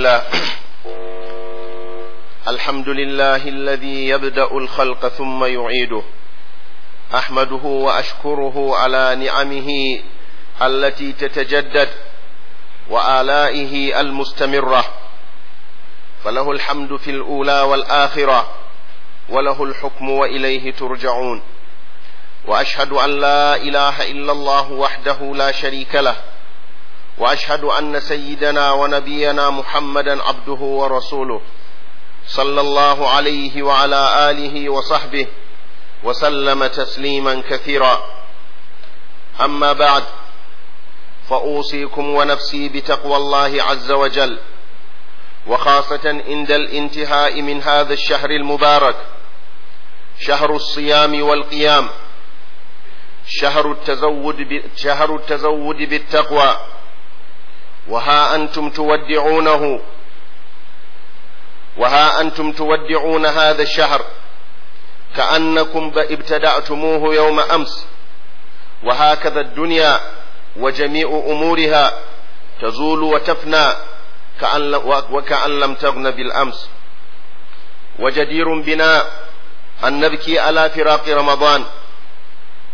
لا الحمد لله الذي يبدأ الخلق ثم يعيده أحمده وأشكره على نعمه التي تتجدد وآلائه المستمرة فله الحمد في الأولى والآخرة وله الحكم وإليه ترجعون وأشهد أن لا إله إلا الله وحده لا شريك له واشهد ان سيدنا ونبينا محمدا عبده ورسوله صلى الله عليه وعلى اله وصحبه وسلم تسليما كثيرا اما بعد فاوصيكم ونفسي بتقوى الله عز وجل وخاصه عند الانتهاء من هذا الشهر المبارك شهر الصيام والقيام شهر التزود شهر التزود بالتقوى وها أنتم تودعونه وها أنتم تودعون هذا الشهر كأنكم ابتدعتموه يوم أمس وهكذا الدنيا وجميع أمورها تزول وتفنى كأن وكأن لم تغن بالأمس وجدير بنا أن نبكي على فراق رمضان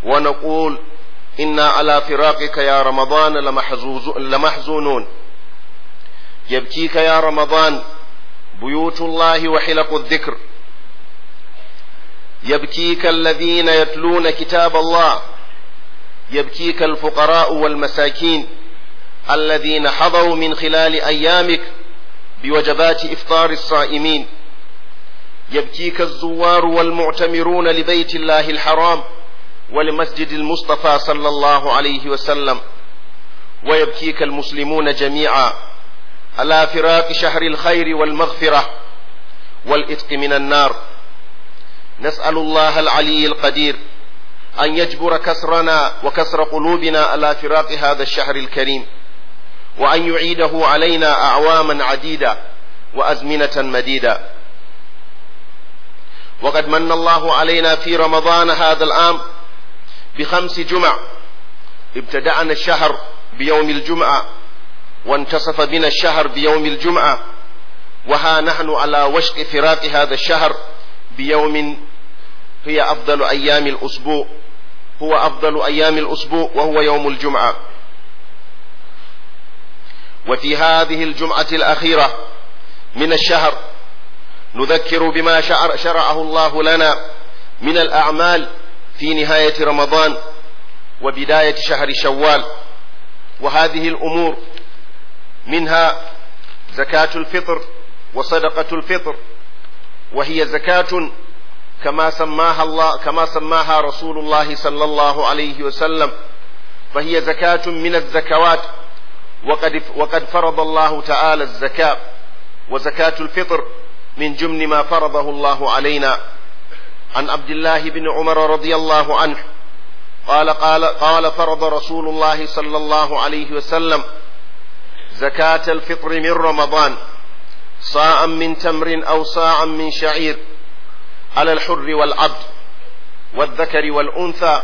ونقول إنا على فراقك يا رمضان لمحزونون يبكيك يا رمضان بيوت الله وحلق الذكر يبكيك الذين يتلون كتاب الله يبكيك الفقراء والمساكين الذين حضروا من خلال أيامك بوجبات إفطار الصائمين يبكيك الزوار والمعتمرون لبيت الله الحرام ولمسجد المصطفى صلى الله عليه وسلم ويبكيك المسلمون جميعا على فراق شهر الخير والمغفرة والإتق من النار نسأل الله العلي القدير أن يجبر كسرنا وكسر قلوبنا على فراق هذا الشهر الكريم وأن يعيده علينا أعواما عديدة وأزمنة مديدة وقد من الله علينا في رمضان هذا العام بخمس جمع ابتدأنا الشهر بيوم الجمعة وانتصف بنا الشهر بيوم الجمعة وها نحن على وشك فراق هذا الشهر بيوم هي أفضل أيام الأسبوع هو أفضل أيام الأسبوع وهو يوم الجمعة وفي هذه الجمعة الأخيرة من الشهر نذكر بما شرعه الله لنا من الأعمال في نهاية رمضان وبداية شهر شوال وهذه الأمور منها زكاة الفطر وصدقة الفطر وهي زكاة كما سماها الله كما سماها رسول الله صلى الله عليه وسلم فهي زكاة من الزكوات وقد وقد فرض الله تعالى الزكاة وزكاة الفطر من جمل ما فرضه الله علينا عن عبد الله بن عمر رضي الله عنه قال قال قال فرض رسول الله صلى الله عليه وسلم زكاة الفطر من رمضان صاعا من تمر أو صاعا من شعير على الحر والعبد والذكر والأنثى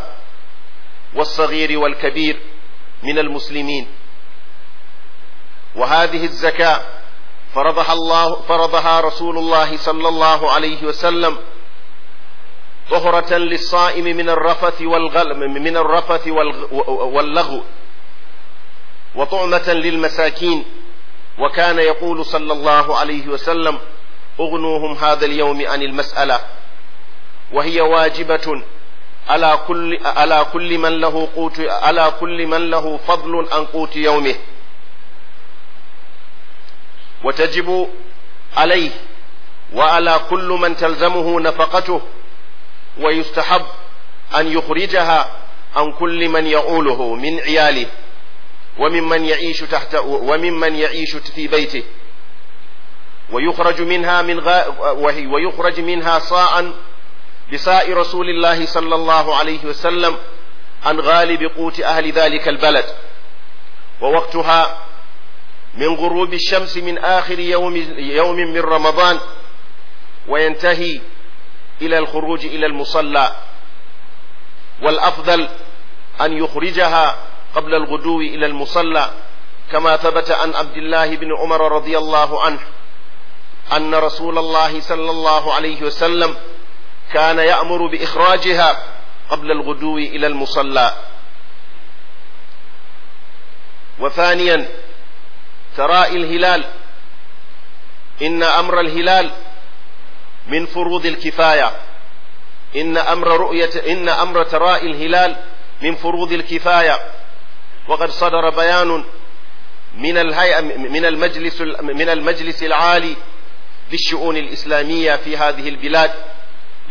والصغير والكبير من المسلمين وهذه الزكاة فرضها الله فرضها رسول الله صلى الله عليه وسلم طهرة للصائم من الرفث والغلم من الرفث واللغو وطعمة للمساكين وكان يقول صلى الله عليه وسلم اغنوهم هذا اليوم عن المسألة وهي واجبة على كل على كل من له قوت على كل من له فضل عن قوت يومه وتجب عليه وعلى كل من تلزمه نفقته ويستحب أن يخرجها عن كل من يعوله من عياله وممن يعيش تحت وممن يعيش في بيته ويخرج منها من غا وهي ويخرج منها صاعا بصاء رسول الله صلى الله عليه وسلم عن غالب قوت أهل ذلك البلد ووقتها من غروب الشمس من آخر يوم, يوم من رمضان وينتهي إلى الخروج إلى المصلى والأفضل أن يخرجها قبل الغدو إلى المصلى كما ثبت عن عبد الله بن عمر رضي الله عنه أن رسول الله صلى الله عليه وسلم كان يأمر بإخراجها قبل الغدو إلى المصلى وثانيا ترى الهلال إن أمر الهلال من فروض الكفاية إن أمر رؤية إن أمر تراء الهلال من فروض الكفاية وقد صدر بيان من الهيئة من المجلس من المجلس العالي للشؤون الإسلامية في هذه البلاد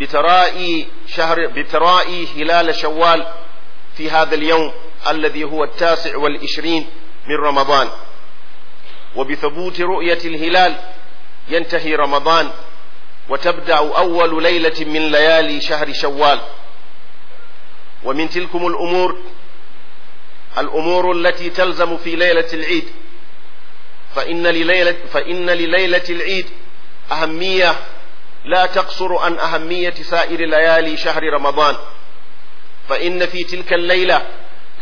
بترائي شهر بترائي هلال شوال في هذا اليوم الذي هو التاسع والعشرين من رمضان وبثبوت رؤية الهلال ينتهي رمضان وتبدأ أول ليلة من ليالي شهر شوال ومن تلكم الأمور الأمور التي تلزم في ليلة العيد فإن لليلة, فإن لليلة العيد أهمية لا تقصر عن أهمية سائر ليالي شهر رمضان فإن في تلك الليلة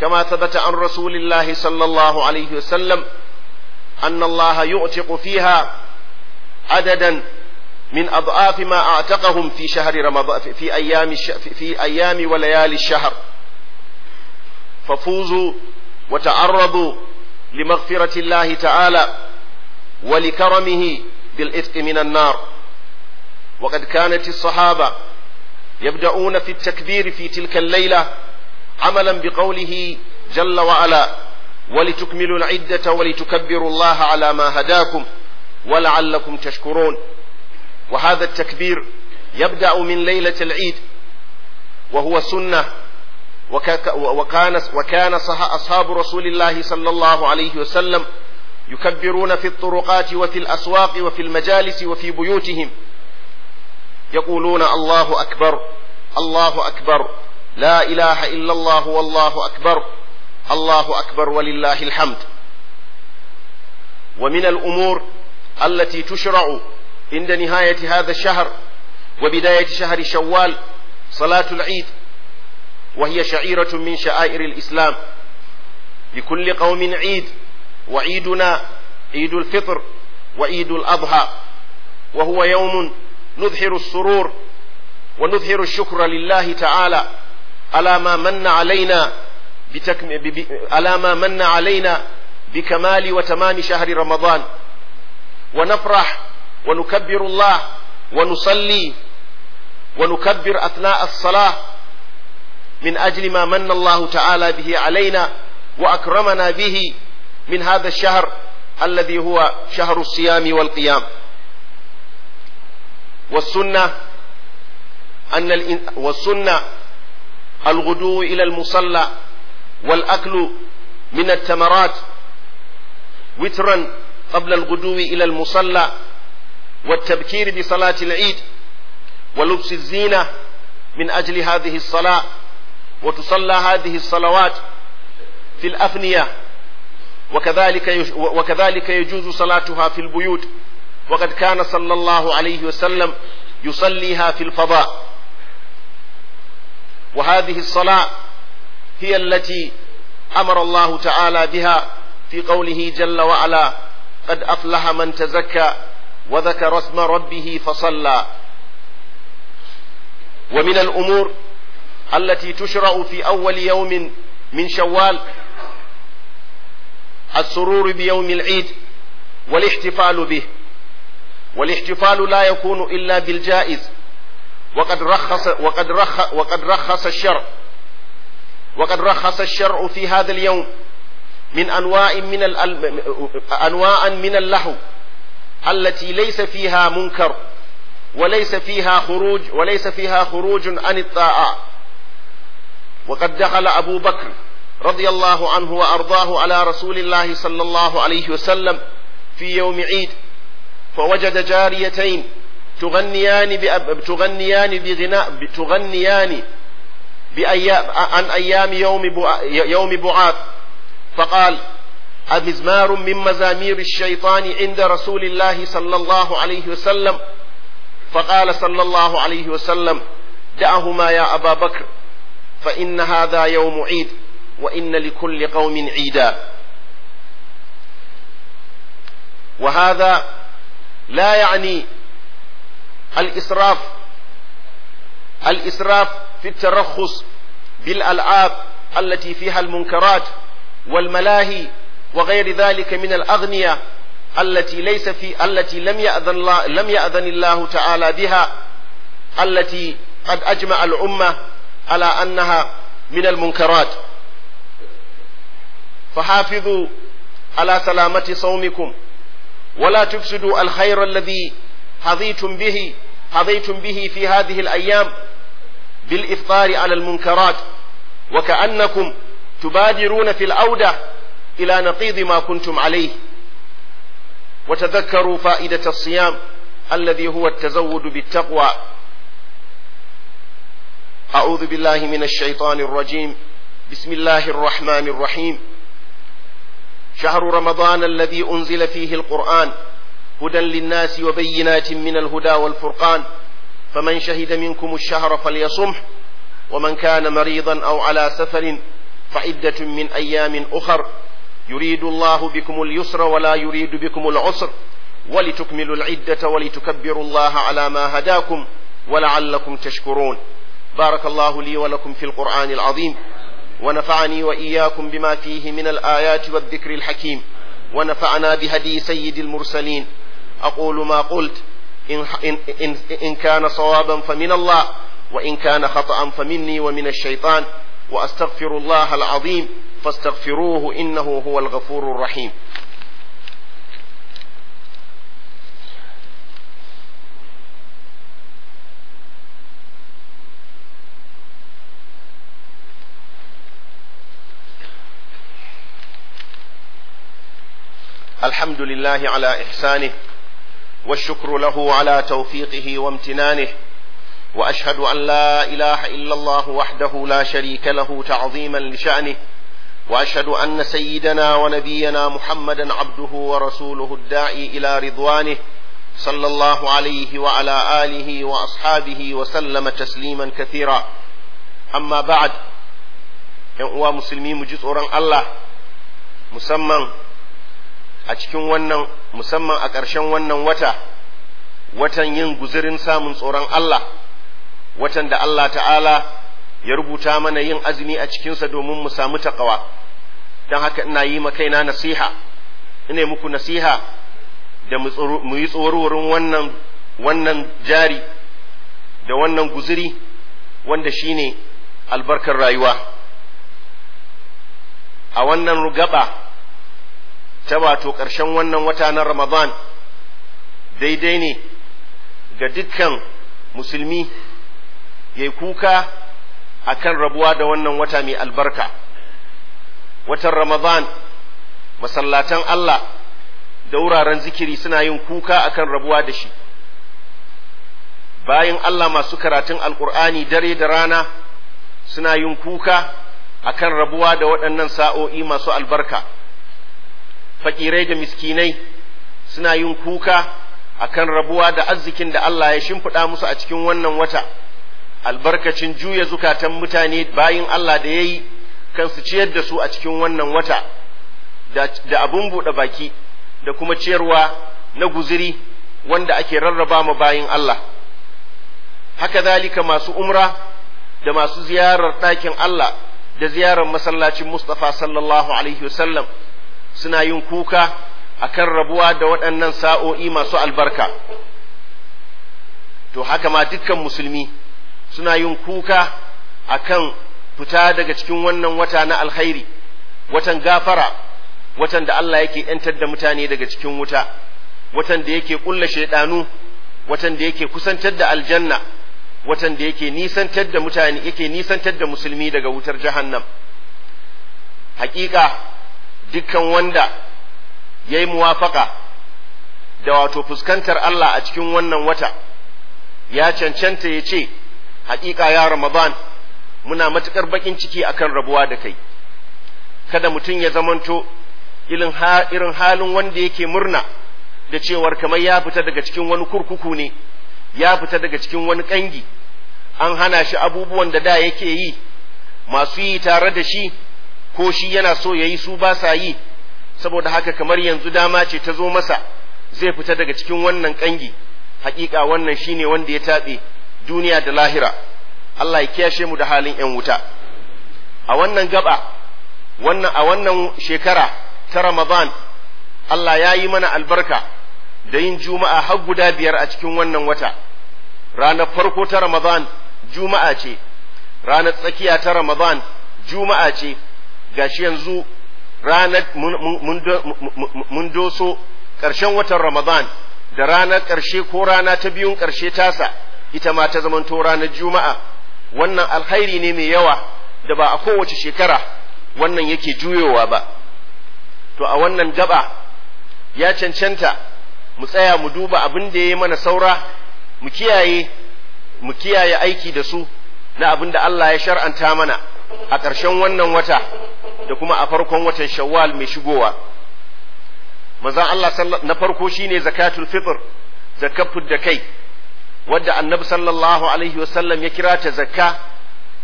كما ثبت عن رسول الله صلى الله عليه وسلم أن الله يعتق فيها عددا من أضعاف ما أعتقهم في شهر رمضان في أيام في أيام وليالي الشهر ففوزوا وتعرضوا لمغفرة الله تعالى ولكرمه بالإتق من النار وقد كانت الصحابة يبدأون في التكبير في تلك الليلة عملا بقوله جل وعلا ولتكملوا العدة ولتكبروا الله على ما هداكم ولعلكم تشكرون وهذا التكبير يبدأ من ليلة العيد وهو سنة وكان وكان أصحاب رسول الله صلى الله عليه وسلم يكبرون في الطرقات وفي الأسواق وفي المجالس وفي بيوتهم يقولون الله أكبر الله أكبر لا إله إلا الله والله أكبر الله أكبر ولله الحمد ومن الأمور التي تشرع عند نهاية هذا الشهر وبداية شهر شوال صلاة العيد وهي شعيرة من شعائر الإسلام لكل قوم عيد وعيدنا عيد الفطر وعيد الأضحى وهو يوم نظهر السرور ونظهر الشكر لله تعالى على ما من علينا بتكم... على ما من علينا بكمال وتمام شهر رمضان ونفرح ونكبر الله ونصلي ونكبر أثناء الصلاة من أجل ما من الله تعالى به علينا وأكرمنا به من هذا الشهر الذي هو شهر الصيام والقيام والسنة أن ال... والسنة الغدو إلى المصلى والأكل من التمرات وترا قبل الغدو إلى المصلى والتبكير بصلاة العيد ولبس الزينة من أجل هذه الصلاة وتصلى هذه الصلوات في الأفنية وكذلك وكذلك يجوز صلاتها في البيوت وقد كان صلى الله عليه وسلم يصليها في الفضاء وهذه الصلاة هي التي أمر الله تعالى بها في قوله جل وعلا قد أفلح من تزكى وذكر اسم ربه فصلى ومن الأمور التي تشرع في أول يوم من شوال السرور بيوم العيد والاحتفال به والاحتفال لا يكون إلا بالجائز وقد رخص وقد رخ وقد رخص الشرع وقد رخص الشرع في هذا اليوم من أنواع من أنواع من اللحو التي ليس فيها منكر وليس فيها خروج وليس فيها خروج عن الطاعة وقد دخل أبو بكر رضي الله عنه وأرضاه على رسول الله صلى الله عليه وسلم في يوم عيد فوجد جاريتين تغنيان بأب... تغنيان بغناء تغنيان بأيام عن أيام يوم يوم بعاث فقال مزمار من مزامير الشيطان عند رسول الله صلى الله عليه وسلم فقال صلى الله عليه وسلم دعهما يا أبا بكر فإن هذا يوم عيد وإن لكل قوم عيدا وهذا لا يعني الإسراف الإسراف في الترخص بالألعاب التي فيها المنكرات والملاهي وغير ذلك من الأغنية التي ليس في التي لم يأذن الله لم يأذن الله تعالى بها التي قد أجمع الأمة على أنها من المنكرات فحافظوا على سلامة صومكم ولا تفسدوا الخير الذي حظيتم به حظيتم به في هذه الأيام بالإفطار على المنكرات وكأنكم تبادرون في الأودة إلى نقيض ما كنتم عليه وتذكروا فائدة الصيام الذي هو التزود بالتقوى أعوذ بالله من الشيطان الرجيم بسم الله الرحمن الرحيم شهر رمضان الذي أنزل فيه القرآن هدى للناس وبينات من الهدى والفرقان فمن شهد منكم الشهر فليصمح ومن كان مريضا أو على سفر فعدة من أيام أخر يريد الله بكم اليسر ولا يريد بكم العسر ولتكملوا العدة ولتكبروا الله على ما هداكم ولعلكم تشكرون بارك الله لي ولكم في القرآن العظيم ونفعني وإياكم بما فيه من الآيات والذكر الحكيم ونفعنا بهدي سيد المرسلين أقول ما قلت إن, إن, إن كان صوابا فمن الله وإن كان خطأ فمني ومن الشيطان واستغفر الله العظيم فاستغفروه انه هو الغفور الرحيم الحمد لله على احسانه والشكر له على توفيقه وامتنانه وأشهد أن لا إله إلا الله وحده لا شريك له تعظيما لشأنه وأشهد أن سيدنا ونبينا محمدا عبده ورسوله الداعي إلى رضوانه صلى الله عليه وعلى آله وأصحابه وسلم تسليما كثيرا أما بعد يقوى مسلمين مجد أوران الله مسمى أتكون ونن مسمى أكرشن ونن وتا watan yin guzirin samun tsoron Allah watan da Allah ta'ala ya rubuta mana yin azumi a cikinsa domin mu samu taqwa don haka ina yi ma kaina nasiha ina muku nasiha da mu yi tsororin wannan wannan jari da wannan guziri wanda shine albarkar rayuwa a wannan rugaba ta wato ƙarshen wannan wata na ramadan daidai ne ga dukkan musulmi ya kuka a kan rabuwa da wannan wata mai albarka watan ramadan masallatan Allah da wuraren zikiri suna yin kuka a kan rabuwa da shi bayan Allah masu karatun alkur'ani dare da rana suna yin kuka a kan rabuwa da waɗannan sa'o'i masu albarka Faƙirai da miskinai suna yin kuka a kan rabuwa da arzikin da Allah ya shimfiɗa musu a cikin wannan wata albarkacin juya zukatan mutane bayin Allah da ya yi kansu ciyar da su a cikin wannan wata da abun buɗe baki da kuma ciyarwa na guziri wanda ake rarraba ma bayin Allah haka zalika masu umra da masu ziyarar ɗakin Allah da ziyarar masallacin Mustapha sallallahu alaihi wasallam suna yin kuka akan rabuwa da waɗannan sa'o'i masu albarka to haka ma dukkan musulmi suna yin kuka a kan fita daga cikin wannan wata na alkhairi watan gafara watan da Allah yake ‘yantar da mutane daga cikin wuta watan da yake ƙulla shaidanu watan da yake kusantar da aljanna watan da yake nisantar da mutane yake nisantar da musulmi daga wutar jahannam hakika dukkan wanda ya yi muwafaka da wato fuskantar Allah a cikin wannan wata ya cancanta ya ce haƙiƙa ya ramadan muna matuƙar baƙin ciki akan rabuwa da kai kada mutum ya zamanto irin halin wanda yake murna da cewar kamar ya fita daga cikin wani kurkuku ne ya fita daga cikin wani ƙangi an hana shi abubuwan da da yake yi masu yi tare da shi ko shi yana so ya yi su ba sa yi saboda haka kamar yanzu dama ce ta zo masa zai fita daga cikin wannan ƙangi haƙiƙa wannan shi ne wanda ya taɓe duniya da lahira Allah ya kiyashe mu da halin ‘yan wuta a wannan gaba wannan a wannan shekara ta Ramadan Allah ya yi mana albarka da yin juma'a har guda biyar a cikin wannan wata ranar farko ta Ramadan juma'a ce ranar tsakiya ta Ramadan juma'a ce gashi yanzu ranar mun doso ƙarshen watan Ramadan da ranar ƙarshe ko rana ta biyun ƙarshe tasa ita ma ta zamanto ranar juma'a wannan alkhairi ne mai yawa da ba a kowace shekara wannan yake juyowa ba to a wannan gaba ya cancanta mu tsaya mu duba abin da ya yi mana saura mu kiyaye mu kiyaye aiki da su na abin da Allah ya shar'anta mana a ƙarshen wannan wata da kuma a farkon watan shawwal mai shigowa manzon Allah na farko shine zakatul fitr zakatul da kai wadda annabi sallallahu alaihi wasallam ya kira ta zakka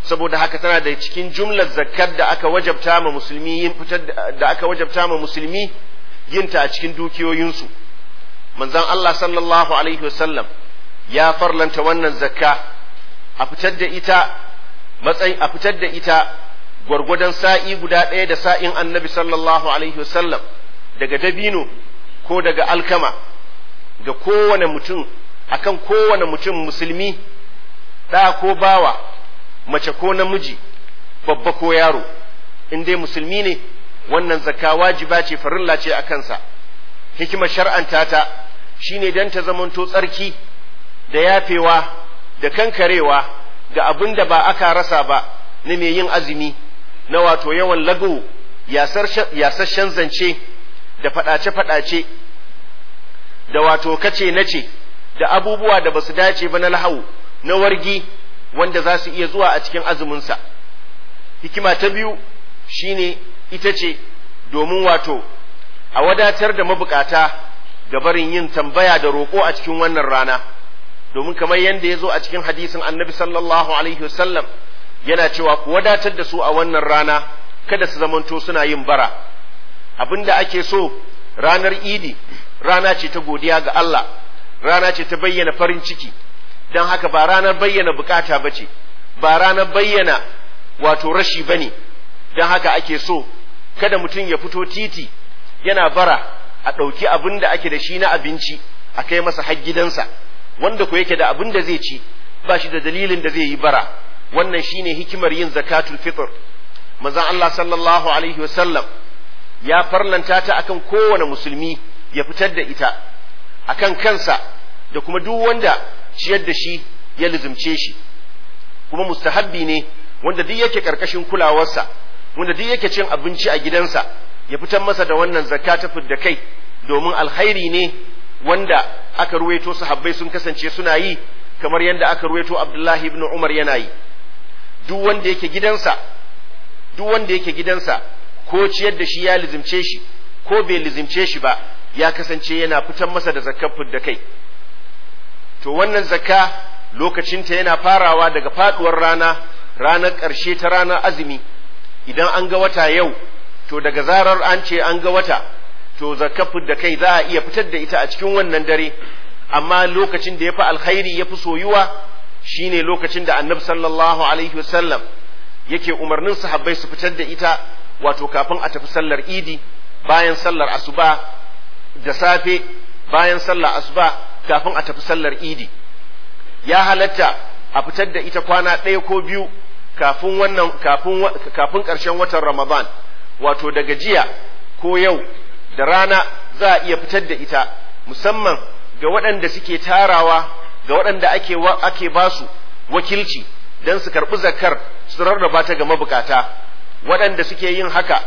saboda haka tana da cikin jumlar zakkar da aka wajabta ma musulmi yin fitar da aka wajabta ma musulmi yin ta a cikin dukiyoyinsu manzon Allah sallallahu alaihi wasallam ya farlanta wannan zakka a fitar da ita matsayin a fitar da ita gwargwadon sa'i guda ɗaya da sa'in annabi sallallahu alaihi wasallam daga dabino ko daga alkama ga kowane mutum akan kowane mutum musulmi ɗa ko bawa mace ko namiji babba ko yaro in dai musulmi ne wannan zakka wajiba ce farilla ce a kansa hikimar shar'anta ta shine dan ta zamanto tsarki da yafewa da kankarewa ga abin da ba aka rasa ba na mai yin azumi na wato yawan lagu yasasshen zance da fadace-fadace da wato kace na ce da abubuwa da basu dace ba na lahau na wargi wanda za su iya zuwa a cikin azuminsa hikima ta biyu shine ita ce domin wato a wadatar da mabukata ga barin yin tambaya da roƙo a cikin wannan rana domin kamar yadda ya zo a cikin hadisin annabi sallallahu alaihi wasallam yana cewa ku wadatar da su a wannan rana kada su zamanto suna yin bara abinda ake so ranar idi rana ce ta godiya ga Allah rana ce ta bayyana farin ciki don haka ba ranar bayyana bukata ba ce ba ranar bayyana wato rashi ba ne don haka ake so kada mutum ya fito titi yana bara a ɗauki abin da ake da shi na abinci a kai masa har gidansa wanda ku yake da abin da zai ci ba shi da dalilin da zai yi bara wannan shi ne hikimar yin zakatul fitr manzon Allah sallallahu alaihi wasallam ya farlanta ta akan kowane musulmi ya fitar da ita akan kansa da kuma duk wanda ciyar da shi ya lizimce shi kuma mustahabbi ne wanda duk yake karkashin kulawarsa wanda duk yake cin abinci a gidansa ya fitar masa da wannan zakka ta fidda kai domin alkhairi ne wanda aka ruwaito sahabbai sun kasance suna yi kamar yadda aka ruwaito Abdullahi ibn Umar yana yi duk wanda yake gidansa duk wanda yake gidansa ko ciyar da shi ya lizimce shi ko bai lizimce shi ba ya kasance yana fitan masa da zakkar da kai to wannan zakka lokacinta yana farawa daga faduwar rana ranar ƙarshe ta ranar azumi idan an ga wata yau to daga zarar an ce an ga wata to zakka da kai za a iya fitar da ita a cikin wannan dare amma lokacin da ya fi alkhairi ya fi soyuwa shine lokacin da annabi sallallahu alaihi wasallam yake umarnin sahabbai su fitar da ita wato kafin a tafi sallar idi bayan sallar asuba da safe bayan sallah asuba kafin a tafi sallar idi ya halatta a fitar da ita kwana ɗaya ko biyu kafin wannan kafin kafin ƙarshen watan ramadan wato daga jiya ko yau da rana za a iya fitar da ita musamman ga waɗanda suke tarawa ga waɗanda ake ake basu wakilci don su karɓi zakar su rarraba ta ga mabukata waɗanda suke yin haka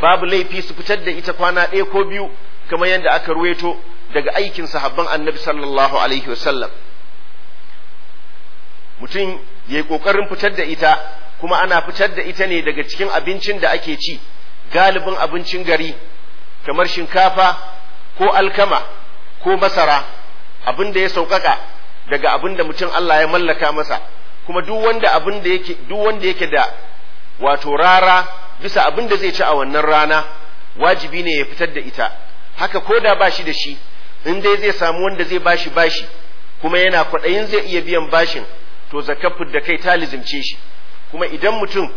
babu laifi su fitar da ita kwana ɗaya ko biyu kamar yadda aka ruweto daga aikin sahabban annabi sallallahu alaihi wasallam mutum ya yi ƙoƙarin fitar da ita kuma ana fitar da ita ne daga cikin abincin da ake ci galibin abincin gari kamar shinkafa ko alkama ko masara abin da ya sauƙaƙa daga abin da mutum Allah ya mallaka masa kuma duk wanda abin da yake duk wanda yake da wato rara bisa abin da zai ci a wannan rana wajibi ne ya fitar da ita haka ko da ba shi da shi in dai zai samu wanda zai bashi bashi kuma yana kwaɗayin zai iya biyan bashin to zakafin da kai ta lizimce shi kuma idan mutum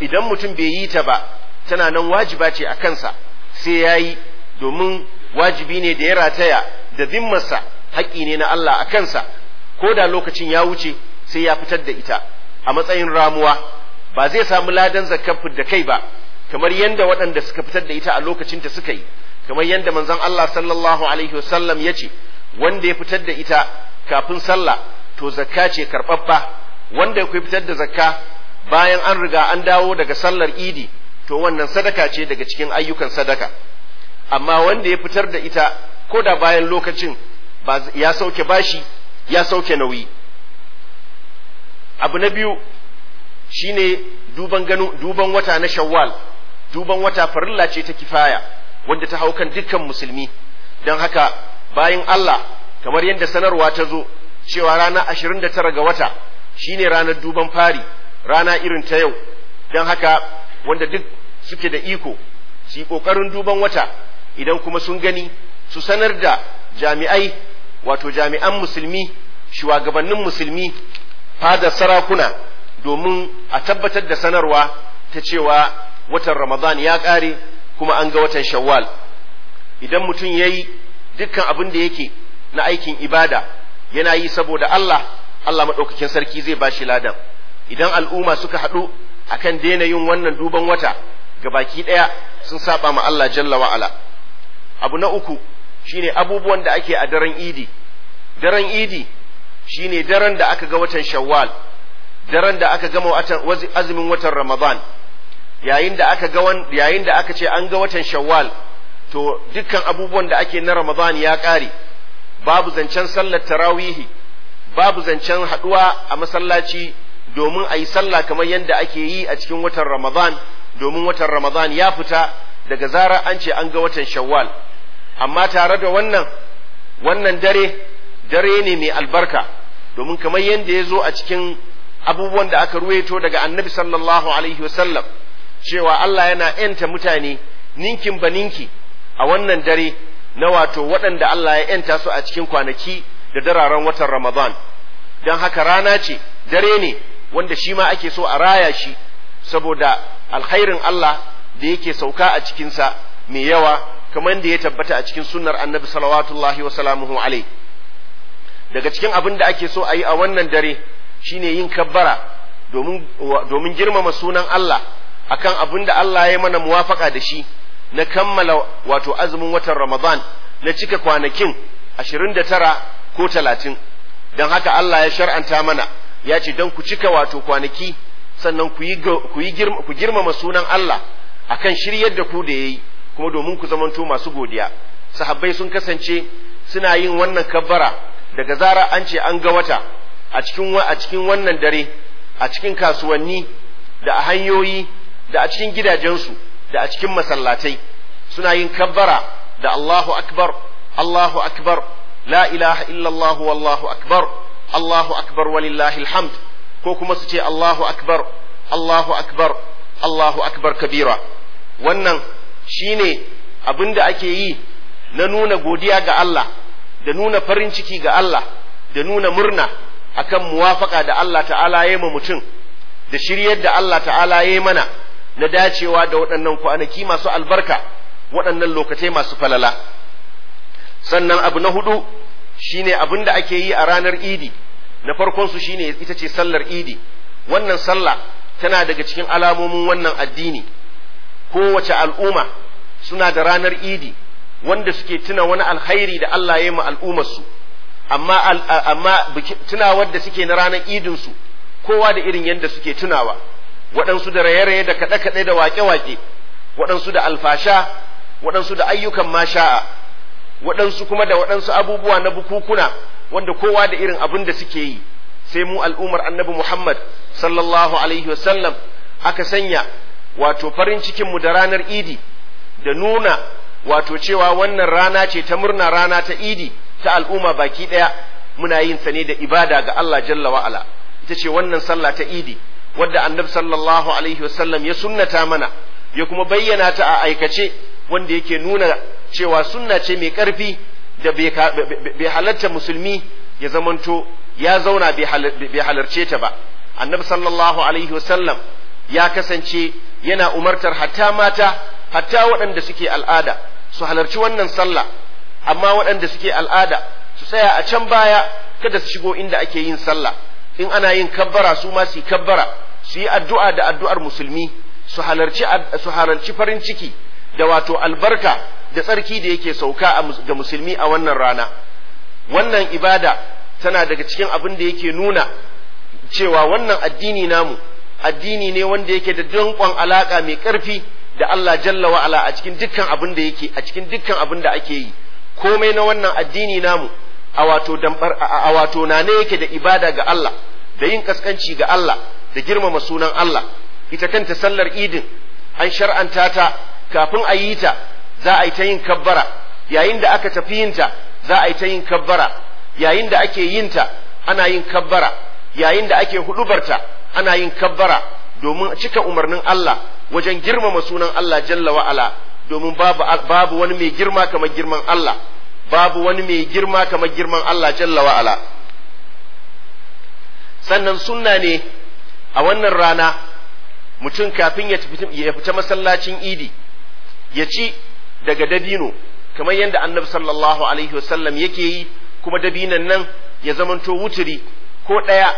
idan mutum bai yi ta ba tana nan wajiba ce a kansa sai ya yi domin wajibi ne da ya rataya da zimmarsa haƙƙi ne na Allah a kansa ko da lokacin ya wuce sai ya fitar da ita a matsayin ramuwa ba zai samu ladan zakafin da kai ba kamar yadda waɗanda suka fitar da ita a lokacinta suka yi kamar yadda manzon Allah sallallahu alaihi wasallam ya ce wanda ya fitar da ita kafin sallah to zakka ce karɓaɓɓa wanda ya fitar da zakka bayan an riga an dawo daga sallar idi to wannan sadaka ce daga cikin ayyukan sadaka amma wanda ya fitar da ita ko da bayan lokacin ya sauke bashi ya sauke nauyi abu na biyu shine duban duban wata na shawwal duban wata farilla ce ta kifaya wanda ta hau kan dukkan musulmi don haka bayan Allah kamar yadda sanarwa ta zo cewa rana 29 ga wata shine ranar duban fari rana irin ta yau don haka wanda duk suke da iko su yi kokarin duban wata idan kuma sun gani su sanar da jami'ai wato jami'an musulmi shugabannin musulmi fada sarakuna domin a tabbatar da sanarwa ta cewa watan ramadan ya kare. kuma an ga watan shawwal idan mutum ya yi dukkan abin da yake na aikin ibada yana yi saboda Allah Allah maɗaukakin sarki zai ba shi ladan idan al'umma suka haɗu akan daina yin wannan duban wata ga baki ɗaya sun saba ma Allah jalla wa'ala abu na uku shine abubuwan da ake a daren idi daren idi shine daren da aka ga watan shawwal daren da aka gama azumin watan ramadan yayin da aka ga yayin da aka ce an ga watan shawwal to dukkan abubuwan da ake na ramadan ya ƙare babu zancen sallar tarawihi babu zancen haduwa a masallaci domin a yi sallah kamar yadda ake yi a cikin watan ramadan domin watan ramadan ya fita daga zarar an ce an ga watan shawwal amma tare da wannan wannan dare dare ne mai albarka domin kamar yadda ya zo a cikin abubuwan da aka ruwaito daga annabi sallallahu alaihi wasallam cewa Allah yana ‘yanta mutane ninkin ba ninki a wannan dare na wato waɗanda Allah ya ‘yanta su a cikin kwanaki da dararen watan Ramadan. Don haka rana ce, dare ne wanda shi ma ake so a raya shi saboda alkhairin Allah da yake sauka a cikinsa mai yawa kamar da ya tabbata a cikin sunnar annabi salawatullahi wa salamuhu alai. Daga cikin abin da ake so a yi a wannan dare shine yin kabbara domin girmama sunan Allah akan abin da Allah ya mana muwafaka da shi na kammala wato azumin watan Ramadan na cika kwanakin 29 ko 30 don haka Allah ya shar'anta mana ya ce don ku cika wato kwanaki sannan ku girmama sunan Allah akan shiryar da ku da ya yi kuma domin ku zamanto masu godiya sahabbai sun kasance suna yin wannan kabbara daga zara an ce an ga wata a cikin wannan dare a cikin kasuwanni da a hanyoyi da a cikin gidajensu da a cikin masallatai suna yin kabbara da Allahu akbar Allahu akbar la ilaha illallah wallahu akbar Allahu akbar walillahi alhamd ko kuma su ce Allahu akbar Allahu akbar Allahu akbar kabira wannan shine abin da ake yi na nuna godiya ga Allah da nuna farin ciki ga Allah da nuna murna akan muwafaka da Allah ta'ala ya mutum da shiryar da Allah ta'ala ya mana na dacewa da waɗannan kwanaki masu albarka waɗannan lokatai masu falala sannan abu na hudu shine abin da ake yi a ranar idi na farkon su shine ita ce sallar idi wannan sallah tana daga cikin alamomin wannan addini kowace al'umma suna da ranar idi wanda suke tuna wani alkhairi da Allah ya yi ma al'ummarsu amma amma tunawar da suke na ranar idin su kowa da irin yadda suke tunawa waɗansu da raye-raye da kaɗe-kaɗe da waƙe-waƙe waɗansu da alfasha waɗansu da ayyukan masha'a waɗansu kuma da waɗansu abubuwa na bukukuna wanda kowa da irin abin da suke yi sai mu al'umar annabi muhammad sallallahu alaihi wasallam aka sanya wato farin mu da ranar idi da nuna wato cewa wannan rana ce ta murna rana ta idi ta al'umma baki ɗaya muna yin ta ne da ibada ga allah jalla wa'ala ita ce wannan sallah ta idi wadda annab sallallahu alaihi wasallam ya sunnata mana ya kuma bayyana ta a aikace wanda yake nuna cewa sunna ce mai karfi da bai halarta musulmi ya zamanto ya zauna bai halarce ta ba annabi sallallahu alaihi wasallam ya kasance yana umartar hatta mata hatta waɗanda suke al'ada su halarci wannan sallah amma waɗanda suke al'ada su tsaya a can baya kada su shigo inda ake yin sallah in ana yin kabbara su ma su kabbara su yi addu'a da addu'ar musulmi su halarci farin ciki da wato albarka da tsarki da yake sauka ga musulmi a wannan rana wannan ibada tana daga cikin abin da yake nuna cewa wannan addini namu addini ne wanda yake da dankon alaka mai ƙarfi da Allah jalla wa ala a cikin dukkan abin da yake a cikin dukkan abin da ake yi komai na wannan addini namu a wato dambar a wato na yake da ibada ga Allah da yin kaskanci ga Allah da girmama sunan Allah ita kanta sallar idin an shar'anta ta kafin a yi ta za a yi ta yin kabbara yayin da aka tafi yin ta, za a yi ta yin kabbara yayin da ake yin ta, ana yin kabbara yayin da ake hudubarta ana yin kabbara domin cika umarnin Allah wajen girmama sunan Allah jalla wa'ala domin babu babu wani mai girma kamar girman Allah babu wani mai girma kamar girman Allah jalla wa'ala sannan sunna ne a wannan rana mutum kafin ya fita masallacin idi ya ci daga dabino kamar yadda annabi sallallahu alaihi wasallam yake yi kuma dabinan nan ya zamanto wuturi ko ɗaya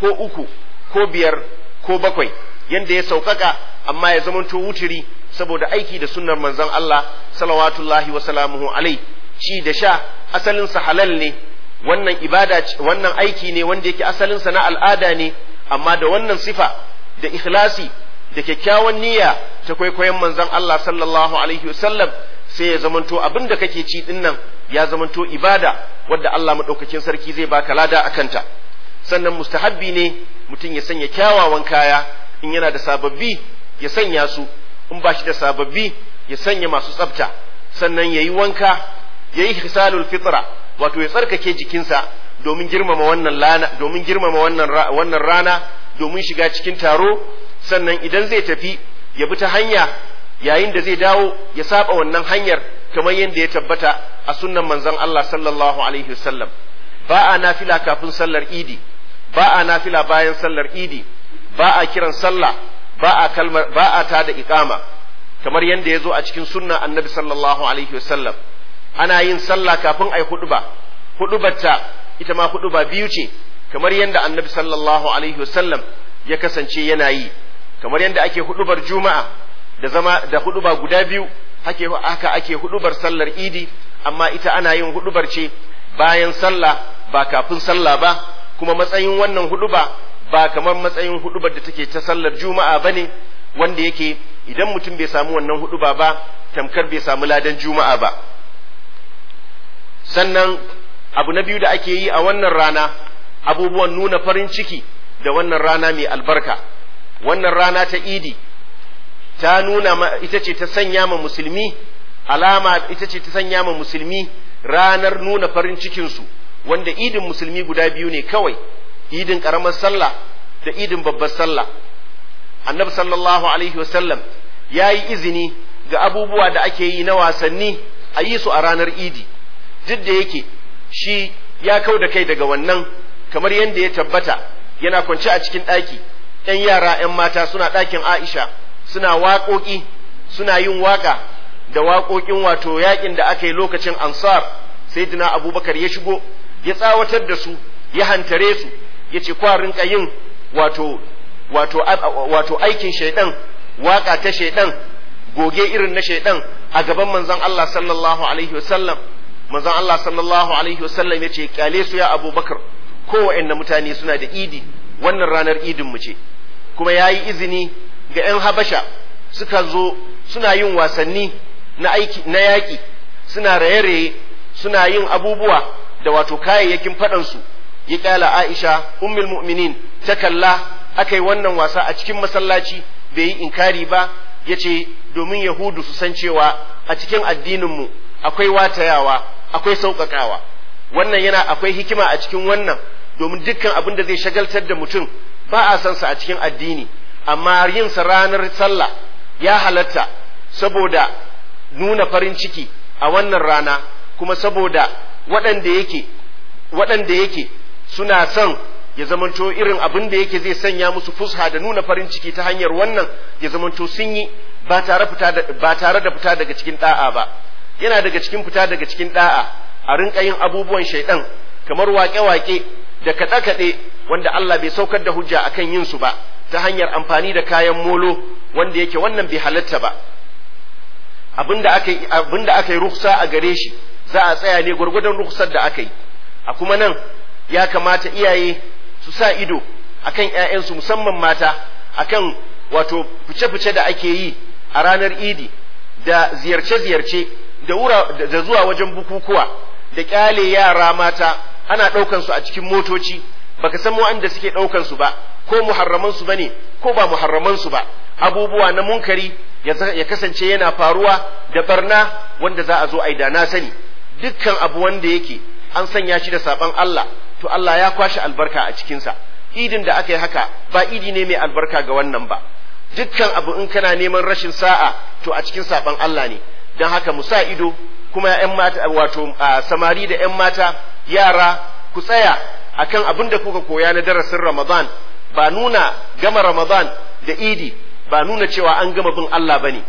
ko uku ko biyar ko bakwai yadda ya sauƙaƙa amma ya zamanto wuturi saboda aiki da sunnar manzon Allah salawatullahi wa salamuhu alai ci da sha asalinsa halal ne wannan ibada wannan aiki ne wanda yake asalin sa na al'ada ne amma da wannan sifa da ikhlasi da kyakkyawan niyya ta kwaikwayon manzon Allah sallallahu alaihi wasallam sai ya zamanto abin da kake ci din nan ya zamanto ibada wadda Allah madaukakin sarki zai baka lada akan ta sannan mustahabbi ne mutum ya sanya kyawawan kaya in yana da sababbi ya sanya su in ba shi da sababbi ya sanya masu tsafta sannan yayi wanka ya yi hisalul fitra wato ya tsarkake jikinsa domin girmama wannan lana domin girmama wannan wannan rana domin shiga cikin taro sannan idan zai tafi ya bi ta hanya yayin da zai dawo ya saba wannan hanyar kamar yadda ya tabbata a sunnan manzon Allah sallallahu alaihi wasallam ba a nafila kafin sallar idi ba a nafila bayan sallar idi ba a kiran sallah ba a kalmar ba a tada iqama kamar yadda ya zo a cikin sunna annabi sallallahu alaihi wasallam ana yin sallah kafin ai huduba hudubarta ita ma huduba biyu ce kamar yadda annabi sallallahu alaihi wasallam ya kasance yana yi kamar yadda ake hudubar juma'a da zama da huduba guda biyu hake haka ake hudubar sallar idi amma ita ana yin hudubar ce bayan sallah ba kafin sallah ba kuma matsayin wannan huduba ba kamar matsayin hudubar da take ta sallar juma'a bane wanda yake idan mutum bai samu wannan huduba ba tamkar bai samu ladan juma'a ba sannan abu na biyu da ake yi a wannan rana abubuwan nuna farin ciki da wannan rana mai albarka wannan rana ta idi ta nuna ita ce ta sanya ma musulmi alama ita ce ta sanya ma musulmi ranar nuna farin cikinsu wanda idin musulmi guda biyu ne kawai idin karamar sallah da idin babbar sallah annabi sallallahu alaihi wasallam ya yi izini ga abubuwa da ake yi na wasanni a yi su a ranar idi duk da yake shi ya kau da kai daga wannan kamar yadda ya tabbata yana kwance a cikin ɗaki ‘yan yara ‘yan mata suna ɗakin Aisha suna waƙoƙi suna yin waƙa da waƙoƙin wato yaƙin da aka yi lokacin ansar sai dina abubakar ya shigo ya tsawatar da su ya hantare su ya ce kwarin rinka yin wato aikin shaidan waƙa ta shaidan goge irin na shaidan a gaban manzon Allah sallallahu alaihi wasallam manzon Allah sallallahu alaihi wasallam ya ce kyale su ya abubakar kowanne mutane suna da idi wannan ranar idin mu ce kuma yayi izini ga 'yan habasha suka zo suna yin wasanni na aiki na yaƙi suna raye-raye suna yin abubuwa da wato kayayyakin faɗansu ya kyala aisha ummul mu'minin ta kalla akai wannan wasa a cikin masallaci bai yi inkari ba yace domin yahudu su san cewa a cikin addininmu akwai watayawa akwai sauƙaƙawa wannan yana akwai hikima a cikin wannan domin dukkan abin da zai shagaltar da mutum ba a san sa a cikin addini amma yinsa ranar sallah ya halatta saboda nuna farin ciki a wannan rana kuma saboda waɗanda yake waɗanda yake suna son ya zamanto irin abin da yake zai sanya musu fusha da nuna farin ciki ta hanyar wannan ya zamanto sun yi ba tare da fita daga cikin ɗa'a ba yana daga cikin fita daga cikin da'a a rinka yin abubuwan shaidan kamar waƙe-waƙe da kaɗe-kaɗe wanda Allah bai saukar da hujja akan yin su ba ta hanyar amfani da kayan molo wanda yake wannan bai halatta ba abinda aka abinda yi ruksa a gare shi za a tsaya ne gwargwadon ruksar da aka yi a kuma nan ya kamata iyaye su sa ido akan 'ya'yansu musamman mata akan wato fice-fice da ake yi a ranar idi da ziyarce-ziyarce da zuwa wajen bukukuwa da kyale yara mata ana ɗaukan su a cikin motoci baka san wanda suke ɗaukan su ba ko muharraman su bane ko ba muharraman su ba abubuwa na munkari ya kasance yana faruwa da barna wanda za a zo a yi da na sani dukkan abu wanda yake an sanya shi da saban Allah to Allah ya kwashi albarka a cikinsa idin da aka yi haka ba idi ne mai albarka ga wannan ba dukkan abu in kana neman rashin sa'a to a cikin saban Allah ne don haka mu sa ido kuma ƴan mata wato samari da ƴan mata yara ku tsaya akan abin da kuka koya na darasin Ramadan ba nuna gama Ramadan da Idi ba nuna cewa an gama bin Allah bane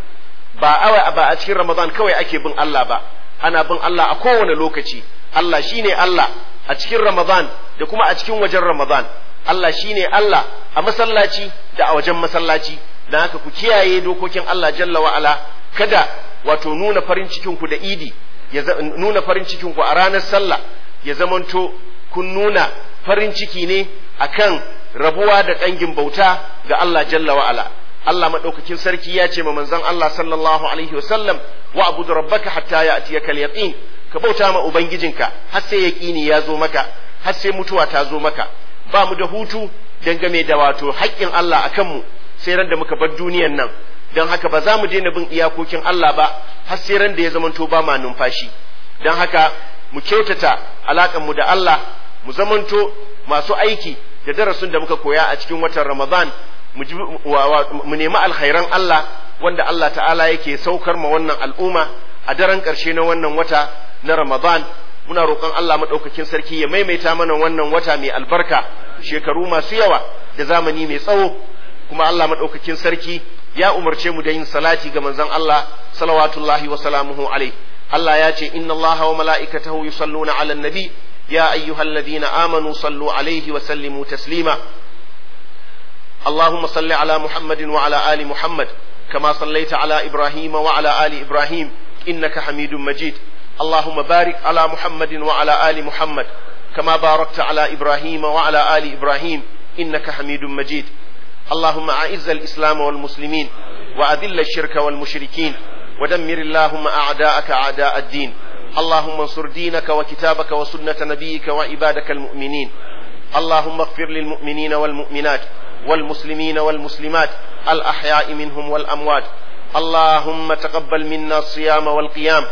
ba awa ba a cikin Ramadan kawai ake bin Allah ba ana bin Allah a kowane lokaci Allah shine Allah a cikin Ramadan da kuma a cikin wajen Ramadan Allah shine Allah a masallaci da a wajen masallaci dan haka ku kiyaye dokokin Allah jalla Wa'ala kada wato nuna farin cikin da idi ya nuna farin cikinku a ranar sallah ya zamanto kun nuna farin ciki ne akan rabuwa da dangin bauta ga Allah jalla wa Allah madaukakin sarki ya ce ma manzon Allah sallallahu alaihi sallam wa abudu rabbaka hatta ya'tiyaka al-yaqin ka bauta ma ubangijinka har sai yaqini ya zo maka har sai mutuwa ta zo maka ba mu da hutu dangane da wato haƙƙin Allah akan mu sai ran da muka bar duniyar nan don haka ba za mu daina bin iyakokin Allah ba har sai ran da ya zamanto ba ma numfashi don haka mu kyautata alakan mu da Allah mu zamanto masu aiki da darasin da muka koya a cikin watan Ramadan mu nemi alkhairan Allah wanda Allah ta'ala yake saukar ma wannan al'umma a daren ƙarshe na wannan wata na Ramadan muna roƙon Allah maɗaukakin sarki ya maimaita mana wannan wata mai albarka shekaru masu yawa da zamani mai tsawo kuma Allah maɗaukakin sarki ya umarce mu da yin salati ga manzon Allah salawatullahi wa salamuhu alaihi Allah ya ce inna Allah wa mala'ikatahu yusalluna 'alan nabi ya ayyuhalladhina amanu sallu 'alaihi wa sallimu taslima اللهم صل على محمد وعلى آل محمد كما صليت على إبراهيم وعلى آل إبراهيم إنك حميد مجيد اللهم بارك على محمد وعلى آل محمد كما باركت على إبراهيم وعلى آل إبراهيم إنك حميد مجيد اللهم أعز الإسلام والمسلمين وأذل الشرك والمشركين ودمر اللهم أعداءك أعداء الدين اللهم انصر دينك وكتابك وسنة نبيك وعبادك المؤمنين اللهم اغفر للمؤمنين والمؤمنات والمسلمين والمسلمات الأحياء منهم والأموات اللهم تقبل منا الصيام والقيام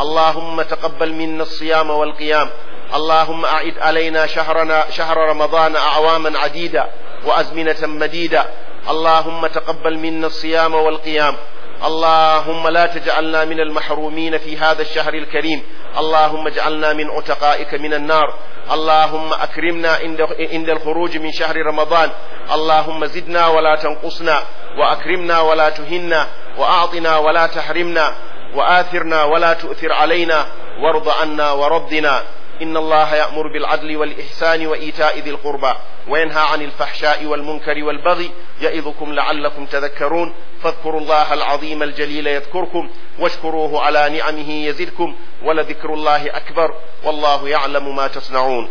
اللهم تقبل منا الصيام والقيام اللهم أعد علينا شهرنا شهر رمضان أعواما عديدة وأزمنة مديدة اللهم تقبل منا الصيام والقيام اللهم لا تجعلنا من المحرومين في هذا الشهر الكريم اللهم اجعلنا من عتقائك من النار اللهم أكرمنا عند الخروج من شهر رمضان اللهم زدنا ولا تنقصنا وأكرمنا ولا تهنا وأعطنا ولا تحرمنا وآثرنا ولا تؤثر علينا وارض عنا وربنا إن الله يأمر بالعدل والإحسان وإيتاء ذي القربى وينهى عن الفحشاء والمنكر والبغي يئذكم لعلكم تذكرون فاذكروا الله العظيم الجليل يذكركم واشكروه على نعمه يزدكم ولذكر الله أكبر والله يعلم ما تصنعون